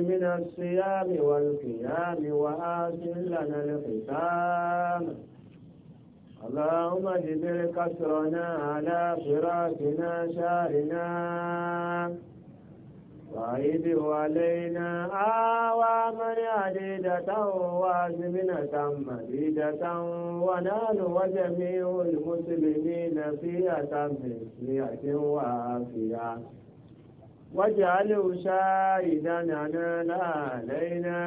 من الصيام والقيام وآسن لنا الختام اللهم اجبر كسرنا على فراقنا شارنا وعيده علينا آواما عديدة وازمنة مديدة ونال وجميع المسلمين في أتم وعافية واجعله شاهدا على علينا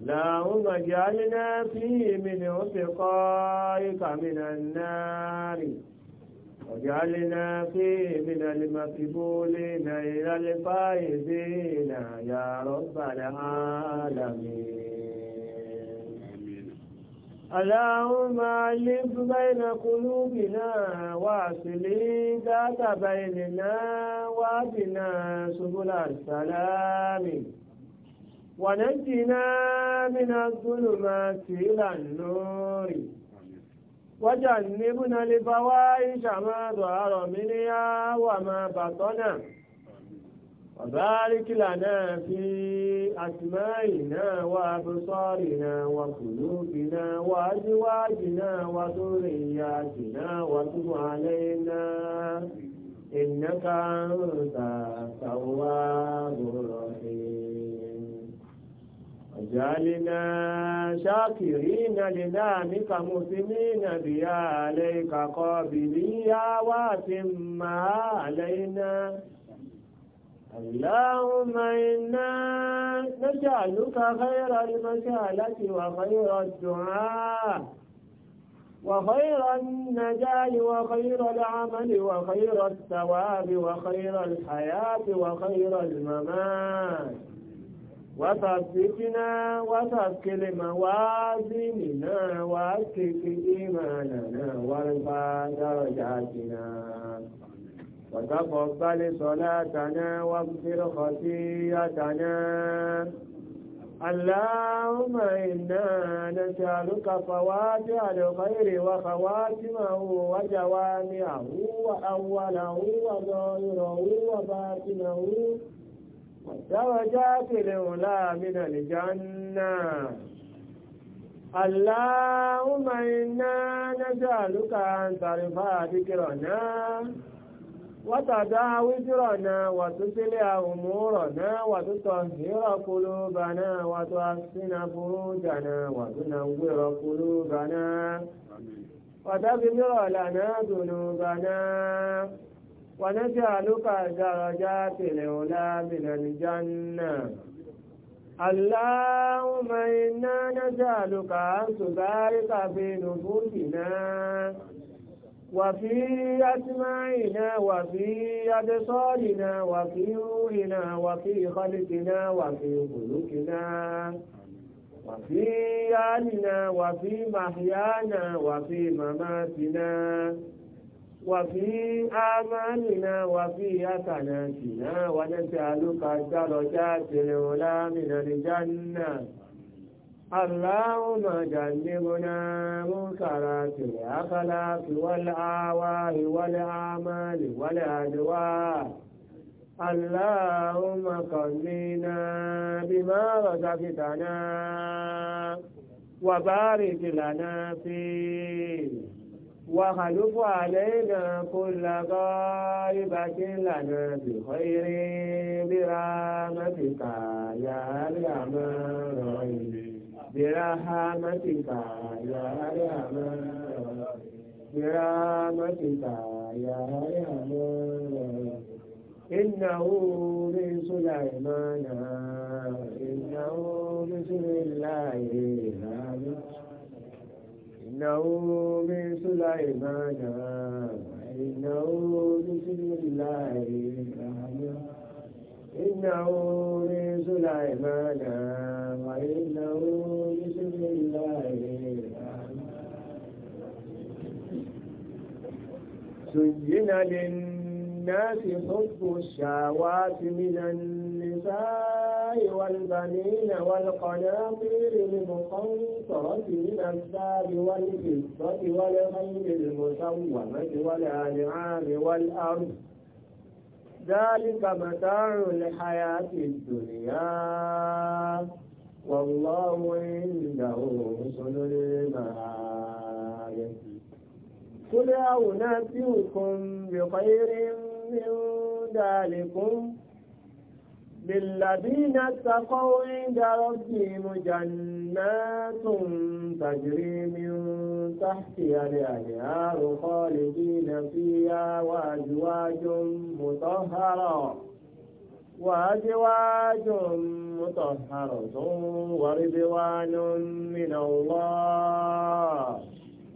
اللهم اجعلنا فيه من وفقائك من النار واجعلنا فيه من المقبولين إلى الفائزين يا رب العالمين اللهم ألف بين قلوبنا واصل ذات بيننا وابنا سبل السلام ونجنا من الظلمات إلى النور وجنبنا الفواحش ما ظهر منها وما بطن وبارك لنا في أسمائنا وأبصارنا وقلوبنا وأزواجنا وذرياتنا وتب علينا إنك أنت التواب الرحيم وجعلنا شاكرين لنعمك مسلمين بها عليك قابليا وأتمها علينا اللهم إنا نجعلك خير المسألة وخير الدعاء وخير النجاة وخير العمل وخير الثواب وخير الحياة وخير الممات وثبتنا وفك موازيننا وأكف إيماننا وارفع درجاتنا وتقبل صلاتنا واغفر خطيئتنا اللهم إنا نسألك فواتح الخير وخواتمه وجوامعه وأوله وظاهره وباطنه والدرجات الأولى من الجنة اللهم إنا نسألك أن ترفع ذكرنا وتدع وزرنا وتصلح أمورنا وتطهر قلوبنا وتحسن فروجنا وتنور قلوبنا وتغفر لنا ذنوبنا ونجعلك درجات العلا من الجنة اللهم إنا نجعلك أن تبارك في نفوسنا وفي أسماعنا وفي أبصارنا وفي روحنا وفي خلقنا وفي ملوكنا وفي آلنا وفي محيانا وفي مماتنا وفي آمالنا وفي أتناتنا ونسألك الدرجات العلى من الجنة اللهم جنبنا منكرات الأخلاق والآواء والأعمال والأدواء اللهم قلنا بما رزقتنا وبارك لنا فيه وخلف علينا كل غائبة لنا بخير برحمتك يا أرحم الراحمين برحمتك يا أرحم برحمتك يا أرحم إنه من سليمان إنه بسم الله إنه من سليمان إنه بسم الله إنه من سليمان وإنه زين للناس حب الشهوات من النساء والبنين والقناطير المقنطرة من الذهب والفضة والخيل المسومة والأنعام والأرض ذلك متاع الحياة الدنيا والله عنده حسن المآب قل أنبئكم بخير من ذلكم للذين اتقوا عند ربهم جنات تجري من تحتها الأنهار خالدين فيها وأزواج مطهرة وأزواج مطهرة ورضوان من الله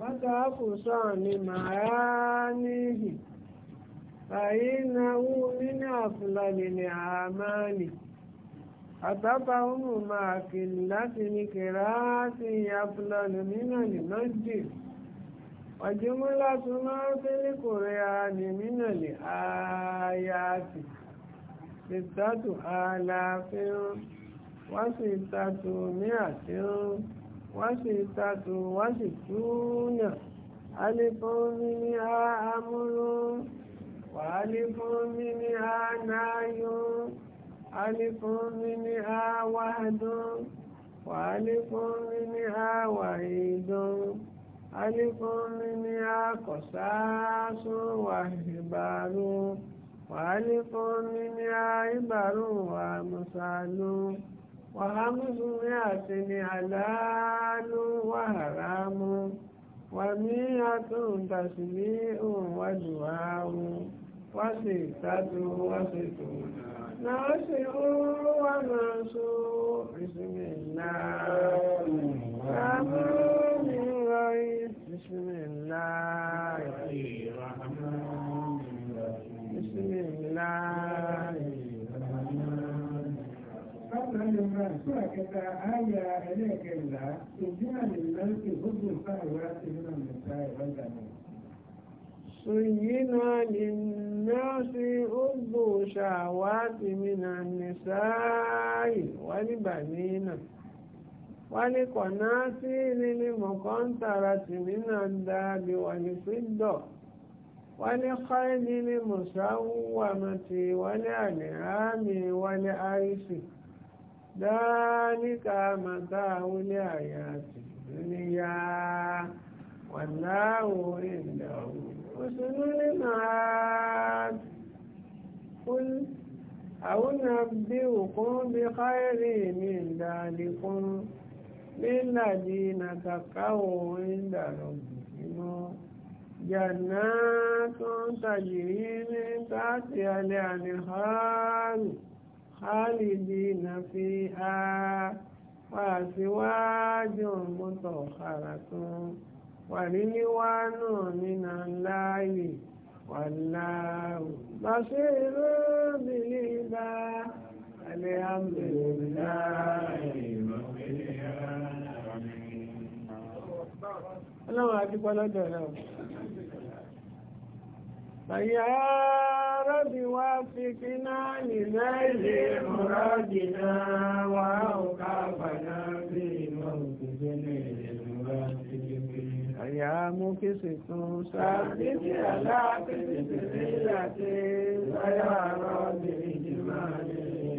وتعفصا لمعانيه فإنه من أفضل الأعمال أتفهم مع قلة الكراس أفضل من المسجد وجملة ما في القرآن من الآيات ستة آلاف وستة مئة wọ́n sì tàtò wọ́n sì túnà alifun mi ní a amúrú wà alifun mi ní a náyó alifun mi ní a wàdún wà alifun mi ní a wàhídún alifun mi ní a kọ̀sáásún wàhíbàrún wà alifun mi ní a ìbàrún wà mùsàlùm. وهمز يأتني علان وهرام ومية تسميع ودعاء وستة وستون ناصر ومنصور بسم الله أمر غير بسم الله بسم الله náà sọ́ra kẹta àyà ẹlẹ́ẹ̀kẹrìnlá ìdí àlèlá ń pè gbogbo ìfáàwá ti náà nípa ìwádà náà. Sùyínà lìnàṣí ọgbò ṣàwátì mìnà nìsáàì wálìbàníìnà. Wálìkọ̀nà sí nílé mọ̀kọ́ntàrà tì mìnà dáàbì wàlìfídọ̀. Wálìkọ́ nílé mọ̀sáwùwàmọ̀tì wálì àlè àmì wálì àìsì dáníkà màtá wọlé àyà tìlúníyà wàláwò ìdáwò òṣèlú nínú àkùn àwọn àbí òkun bí káyẹ̀rì mi ìdálẹ́kùn nílàdí nàtàkàwò ìdàlọ́gbò nínú jannatun tajiri min tahtiha al-anhar خالدين فيها وأزواج مطهرة ورضوان من الله والله بصير بالعباد الحمد لله رب العالمين. ọlọ́run adúpọ̀ lọ́dọ̀ rẹ̀ o. فيا رب وفقنا لنيل مرادنا وأوقافنا في موقف يا مكسف ثابت على قدس سلته ويا رب إجمالي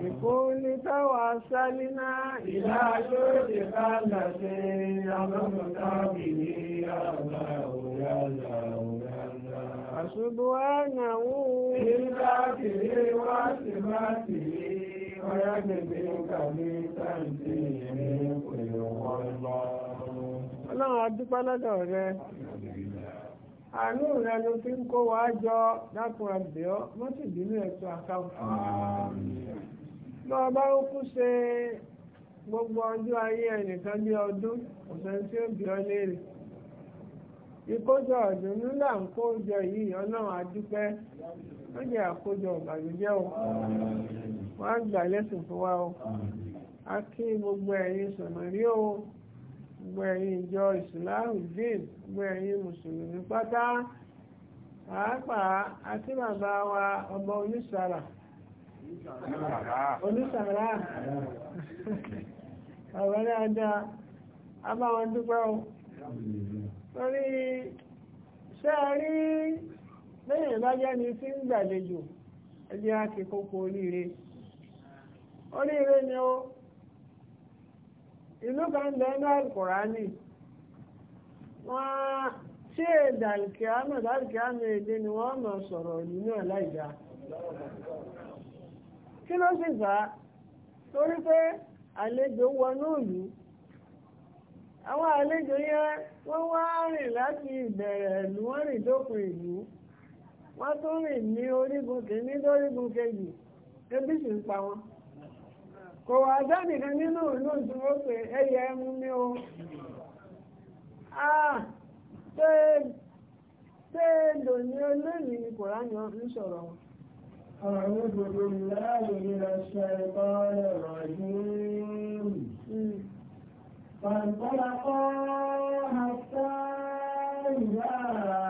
بكل توسلنا إلى جودك الذي أمرت به يا الله يا الله وسبحانه من ذاته وصفاته ويجزيك من تنزيه كل والله. الله أدب لدوره. àánú rẹ ló fi ń kó wa jọ dákun àbíọ́ wọ́n sì bínú ẹ̀tọ́ lọ́ọ́ bá ó kú ṣe gbogbo ọdụ ayé ẹnìkan bí ọdún ọ̀sẹ̀ tí ó bí ọ léèrè. ìkójọ ń yìí ọlọ́run àdúpẹ́ wọ́n jẹ́ àkójọ o wọ́n á gbà o a kí gbogbo ẹ̀yin sọ̀nà rí o. gbogbo ẹ̀yin ìjọ Islahudeen gbogbo ẹ̀yin mùsùlùmí pátá pàápàá àti bàbá wa ọmọ onísàrà onísàrà ọ̀rọ̀ a dúpẹ́ o torí rí lẹ́yìn tí ń gbàlejò ẹjẹ́ á ti oríire oríire ni ìlú kan lẹ́nu àìkùránì wọ́n ṣé èdè àìkíámẹ̀ láìkíámẹ̀ èdè ni wọ́n mọ̀ sọ̀rọ̀ ìlú náà láìdá kí ló sì fà á torí pé àlejò wọnú ìlú àwọn àlejò yẹn wọ́n wá rìn láti ìbẹ̀rẹ̀ ìlú wọ́n rìn dópin ìlú wọ́n tún rìn ní orígun kìíní lórígun kejì ebi sì ń pa wọn kò wá sẹ́nìkan nínú ìlú tí wọ́n ẹyẹ ẹmu ní o ah, ṣé èdò ní olóyìn ní kòránì ń sọ̀rọ̀ wọn. أعوذ بالله من الشيطان الرجيم فانطلقا حتى إذا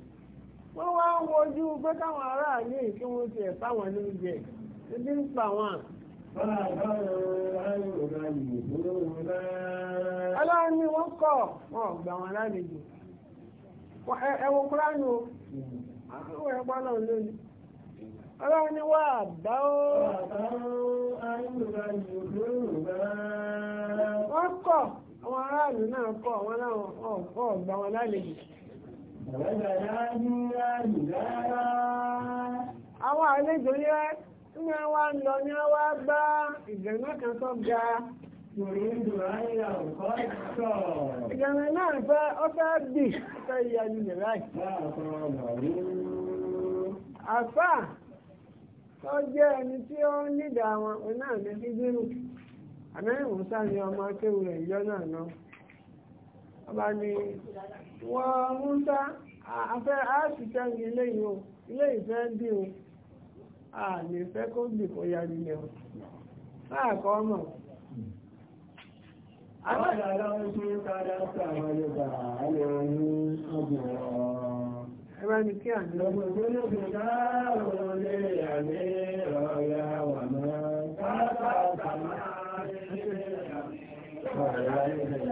wọ́n wá ń wojú pé káwọn aráàlú kí wọ́n ti ẹ̀ ní lóúnjẹ ebi ń pa wọn. ọlọ́run ni wọ́n kọ́ wọn ò gbà wọn lálejò ẹ̀wọ̀n kúránù o àwọn ẹ̀pọ̀ náà lónìí ọlọ́run ni wọ́n àbá ó wọ́n kọ́ àwọn aráàlú náà kọ́ wọn láwọn ọ̀gbà wọn lálejò. Àwọn àlejò yẹ́ ní wá ń lọ ní wá bá ìgbẹ̀mí kan tó ga. Ìgbẹ̀mí náà fẹ́ ọ fẹ́ bì fẹ́ ìyá ilẹ̀ láì. Àfà tó jẹ́ ẹni tí ó ń nídà wọn, òun náà ní fíjírù. Àmẹ́rin Mùsá ni ọmọ akéwù rẹ̀ ìjọ náà náà. Ọba ni wọ musa afẹ́ àṣìṣẹ́ ní ilé yìí o ilé ìfẹ́ bí o a lè fẹ́ kó bì kó ya nílẹ̀ o láàkọ́ mọ̀ Àwọn ará ń ṣe ń kára sí ní ọdún ọ̀rọ̀ ẹ̀rọ ni kí àná. Ọmọ السلام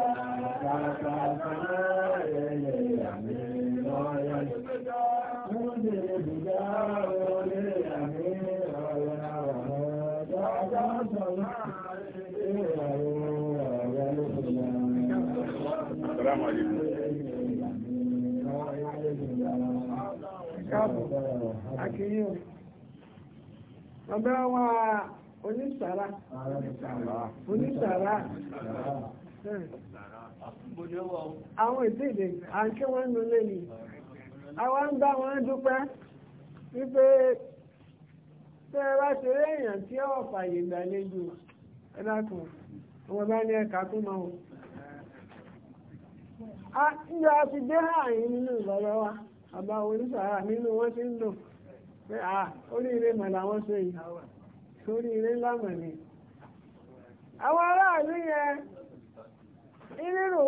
عليكم káàbọ̀ akíyàn onísàrà onísàrà àwọn ìdíje àǹkí wọn ń lulẹ̀ ni àwa ń bá wọn dúpẹ́ wípé tẹ́ ẹ bá èèyàn tí ọ fàyè ìgbàlejò ẹ ọmọ bá ní ẹ̀ka tó máa wọn. a ń àti dé nínú ìlọ́lọ́ wa àbá nínú wọn ti ń pé à oríire mọ̀ làwọn ṣe yìí. sórí ilé lánàá ni àwọn aráàlú yẹn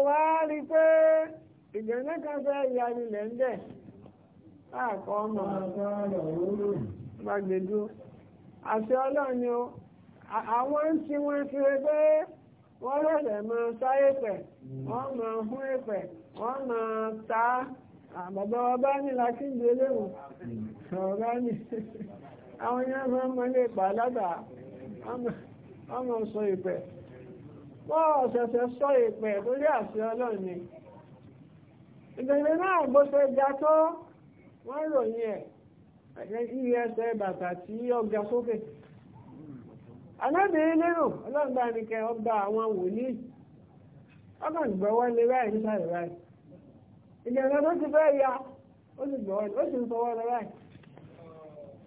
wá rí pé ìjọ̀nà kan fẹ́ ya ilẹ̀ ń bẹ̀ láàkọ́ ọmọ bá gbèdú fi pé wọ́n sáyé pẹ̀ wọ́n hún wọ́n ta àwọn yẹn fẹ́ mọ́ ilé ìbàlágà ọmọ sọ ìpẹ́ wọ́n ọ̀sẹ̀sẹ̀ sọ ìpẹ́ lórí àṣẹ ọlọ́run ni ìgbẹ̀lẹ̀ náà bó ṣe ga tó wọ́n ròyìn ẹ̀ iye ẹsẹ̀ bàtà tí ọgá sókè alábìnrin lérò ọlọ́gbà nìkẹ́ ọgbà àwọn wòlíì ọgbà ìgbọ̀wọ́ lè ráì nísàlẹ̀ ráì ìgbẹ̀lẹ̀ tó ti fẹ́ ya ó sì gbọ̀wọ́ ó sì ń fọwọ́ lọ ráì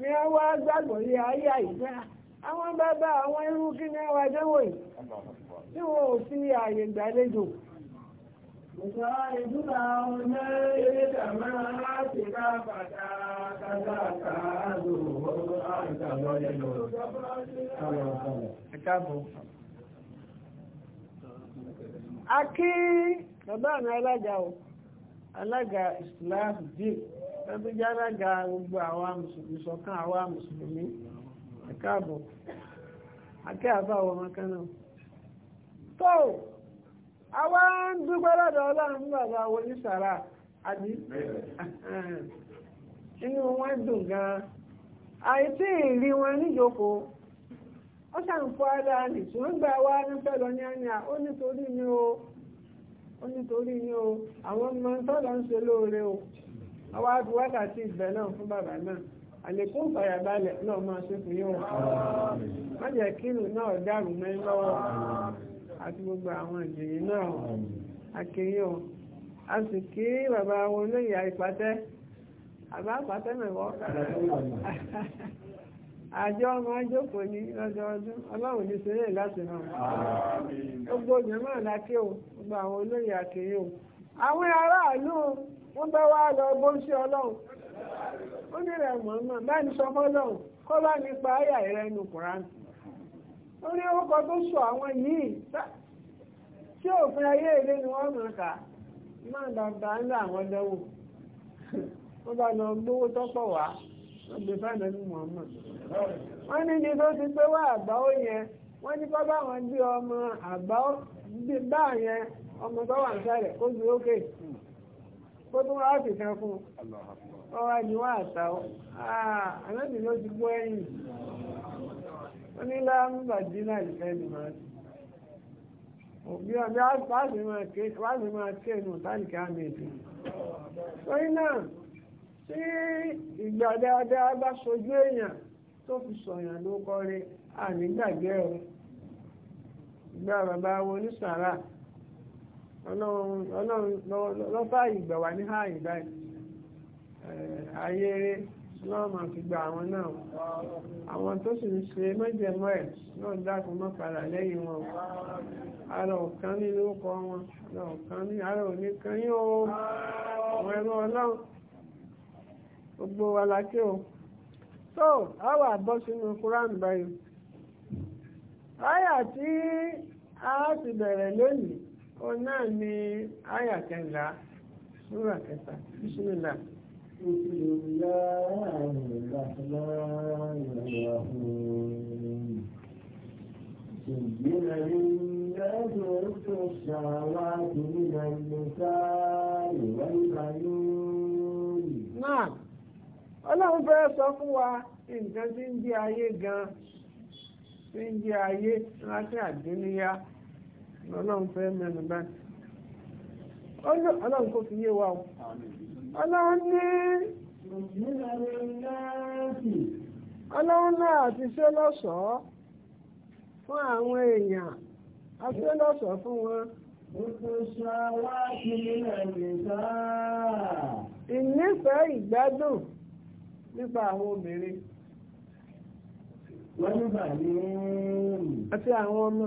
ni a wá gbàgbọ́ yí ayé àyíká àwọn bàbá àwọn irú kí ní àwọn àdánwò yìí tí wọn ò sí ààyè ìgbàlejò Akí bàbá mi alága o, alága Islam Jíì. ẹgbẹ́ járága gbogbo àwa musulmi sọ̀kan àwa musulmi àkáàbọ̀ awa àbáwọ̀ ọmọkan tó àwa ń ọlọ́run bàbá wo sàrà àbí inú wọn dùn gan-an àìsí ìrí wọn níjókòó ó ṣàǹfọ́ ara nì tí wọ́n gbà wá ní ó nítorí ni ó àwọn ọmọ tọ́lọ ń se lóore o. àwa fi wákàtí ìbẹ̀ náà fún bàbá náà àlékún ìfàyàbalẹ̀ náà máa ṣe fún yóò má jẹ́ kírù náà dàrú mẹ́rin lọ́wọ́ àti gbogbo àwọn ìjòyè náà akéyìn o a sì kí bàbá wọn lóye àìpàtẹ́ àbá àpàtẹ́ mẹ́wọ́ àjọ ọmọ ajókòó ní lọ́dọọdún ọlọ́run ní sílẹ̀ láti ràn gbogbo ìjọba àdáké o gbogbo àwọn olóyè àkéyìn o àwọn aráàlú wọ́n bá wá lọ bó ń ṣe ọlọ́run ó ní rẹ̀ mọ̀ọ́mọ̀ bá ní sọ fọ́lọ́run kọ́ bá nípa ayà kùránì ó ní tó sọ àwọn yìí tí òfin ayé ilé ni wọ́n mọ̀ ká ńlá àwọn dẹ́wò wọ́n bá lọ gbówó tọ́pọ̀ wá wọ́n gbé wọ́n ní kó tó wá sì kan fún ah, ló ti gbọ́ ẹ̀yìn ó ní dínà ìfẹ́ nìmọ̀ òbí ọ̀bí wáṣí máa ké ma tálìkì àmì ètò náà tí ìgbà dáadáa bá sojú èèyàn tó fi sọ̀yàn ló ọlọ́run lọ́fà ìgbà wà ní ààyè báyìí ayére lọ́wọ́ máa gba àwọn náà àwọn tó sì ń ṣe mọ́jẹ̀mọ́ ẹ̀ náà dákun mọ́ padà lẹ́yìn wọn ara ọ̀kan ní wọn ara ọ̀kan ní ara òní kan yí o ẹ̀rọ ọlọ́run gbogbo wa lákè o a wà bọ́ sínú kúránù báyìí báyà tí a ti bẹ̀rẹ̀ lónìí òun náà ni àyà kẹta súrà kẹta bísímìlà. ọlọ́run fẹ́ sọ fún wa nǹkan tí ń jẹ́ ayé gan-an tí ń jẹ́ ayé láti àdúnyá ọlọ́run fẹ́ mẹ́rin báyìí ọlọ́run kò fi ọlọ́run ní ọlọ́run náà ti ṣe fún àwọn èèyàn a ṣe lọ́ṣọ̀ọ́ fún wọn. Ìnífẹ̀ẹ́ ìgbádùn nípa àwọn obìnrin. Wọ́n ní bàbá ní. Àti àwọn ọmọ.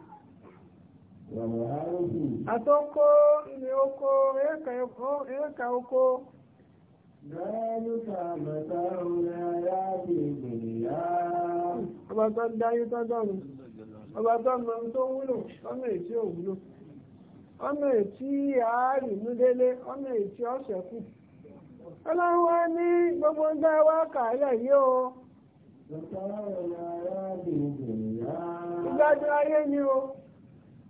Àtọ́kó ilé oko, èékà oko. Lẹ́lúkà mẹ́ta orin ayá bí ìgbìyà. Ọba tó dáyé tọ́dọ̀rùn. Ọba tó mọ tó wúlò, ọmọ ètí ò wúlò. Ọmọ ètí àárì mú délé, ọmọ ètí ọ̀sẹ̀ kù. Ọlọ́run ní gbogbo ń dá wá kàálẹ̀ yìí o. Ìgbàjọ ayé ni o.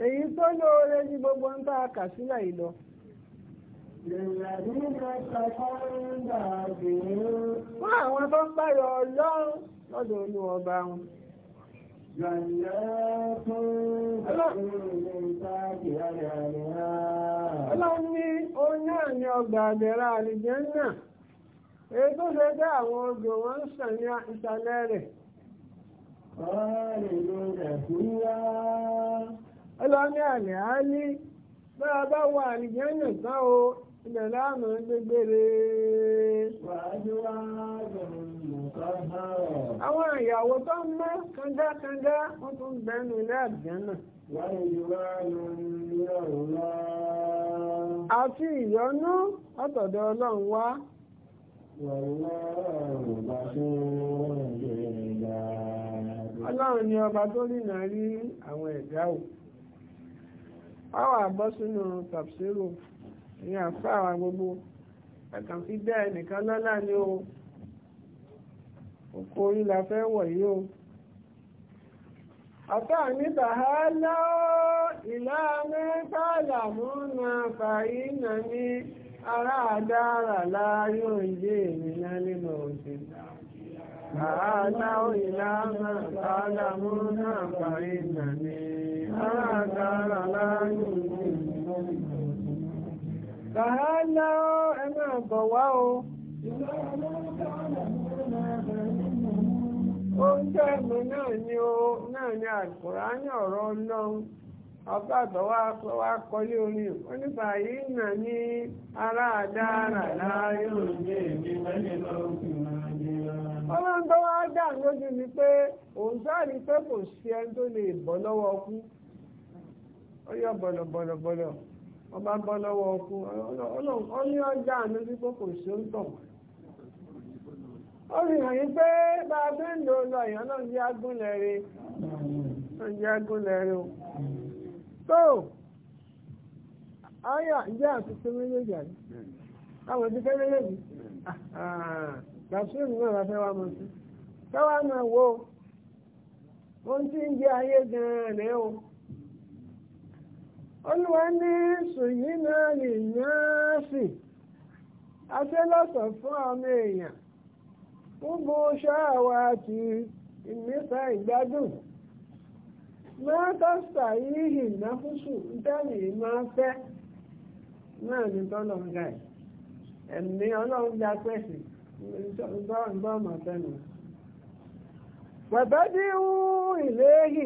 èyí tó lóore ju gbogbo ń tá a kà sílẹ̀ yìí Fún àwọn tó ń báyọ̀ ọlọ́run lọ́dọ̀ olú ọba wọn. Ọlọ́run ní oní àmì ọgbà àbẹ̀rẹ̀ àlìjẹ́ náà. Èyí tó ṣe jẹ́ àwọn wọn ń sàn ní ìsàlẹ̀ rẹ̀. Ọ̀rẹ́ ìlú rẹ̀ ọlọ́ní àlẹ́ á ní bá a bá wà àlìjẹ́nà tán o ilẹ̀ láàmú gbégbére. àwọn àyàwó tó ń mọ́ kángákángá wọ́n tún bẹ́nu ilé àlìjẹ́nà. àti ìyọnú ọ̀tọ̀dọ̀ ọlọ́run wá. Ọlọ́run ni ọba tó rìnà rí àwọn ẹ̀dá o. àwọn àbọ́ sínú tàbsírò ní àfá àwọn gbogbo ẹ̀kàn fi dá ẹnìkan lọ́lá ní o oko orí la fẹ́ wọ̀ yí o àtà níta hálọ́ ìlànà tààlà múnà fàyínà ní aráàdára adara òjé ìrìnà na òjò àádáwò ìlànà àádámú náà parí ìnàní o Oúnjẹ mi náà ni ó náà ni àkùrá ní ọ̀rọ̀ ọlọ́run. ọba àgbà wa kọlé orin wọn nípa yìí nà ní ará àdáàrà láàyè òde èmi mẹ́lẹ̀ lọ́wọ́ ní ara. ọlọ́run tó pé kò lọ́wọ́ ọkú ọba bọ́ lọ́wọ́ ọkú ọjà kò ń tọ̀ ó yí pé anya ayà ìjẹ́ àtúntò méjèèjì àti àwọn ìdíkẹ́ méjèèjì gàṣíìmù ah, ah, náà la fẹ́ wá mọ̀ sí táwa náà wo ohun tí ń ndị ayé gan-an na o olúwa ní so yi lè yán sí aṣẹ́lọ́sọ̀ fún ọmọ èèyàn gbogbo ṣáà awa ti ìgbádùn. máa tọ́sà yìí náfúsù tẹ́lẹ̀ máa fẹ́ náà ní tọ́lọ̀ ẹ̀ ẹ̀mí pẹ̀sì ń ìléyì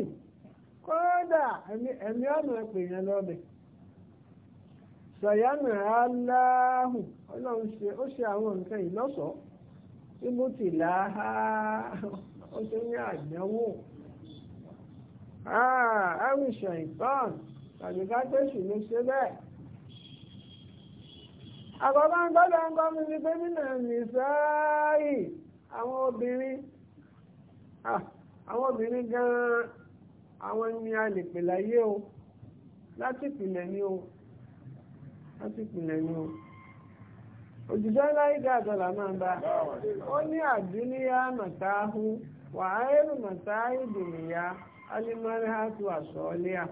kódà ẹ̀mí ọ̀nà pèèyàn lọ́bẹ̀ sọ̀yánà aláhù ọlọ́run ṣe ó ṣe àwọn nǹkan ìlọ́sọ̀ọ́ ibùtìlá ó ṣe ní àdánwò. Ah, ẹrù ṣẹ̀ǹtàn tàbí kájẹ́sì ló ṣe bẹ́ẹ̀. àkọ́kọ́ ń gbọ́dọ̀ ń kọ́ mi ní pé nínú nìsáàyì àwọn obìnrin ah, àwọn obìnrin gan-an àwọn ni a lè pè láyé o láti ìpìlẹ̀ ni o láti ìpìlẹ̀ ni o òjìṣẹ́ láyé gàdọ̀là máa ń bá ó ní àdúnyá màtáhù wàá ẹrù màtáhù dùnìyá alimọ́ni hàtú àsọ̀ọ́lẹ́à.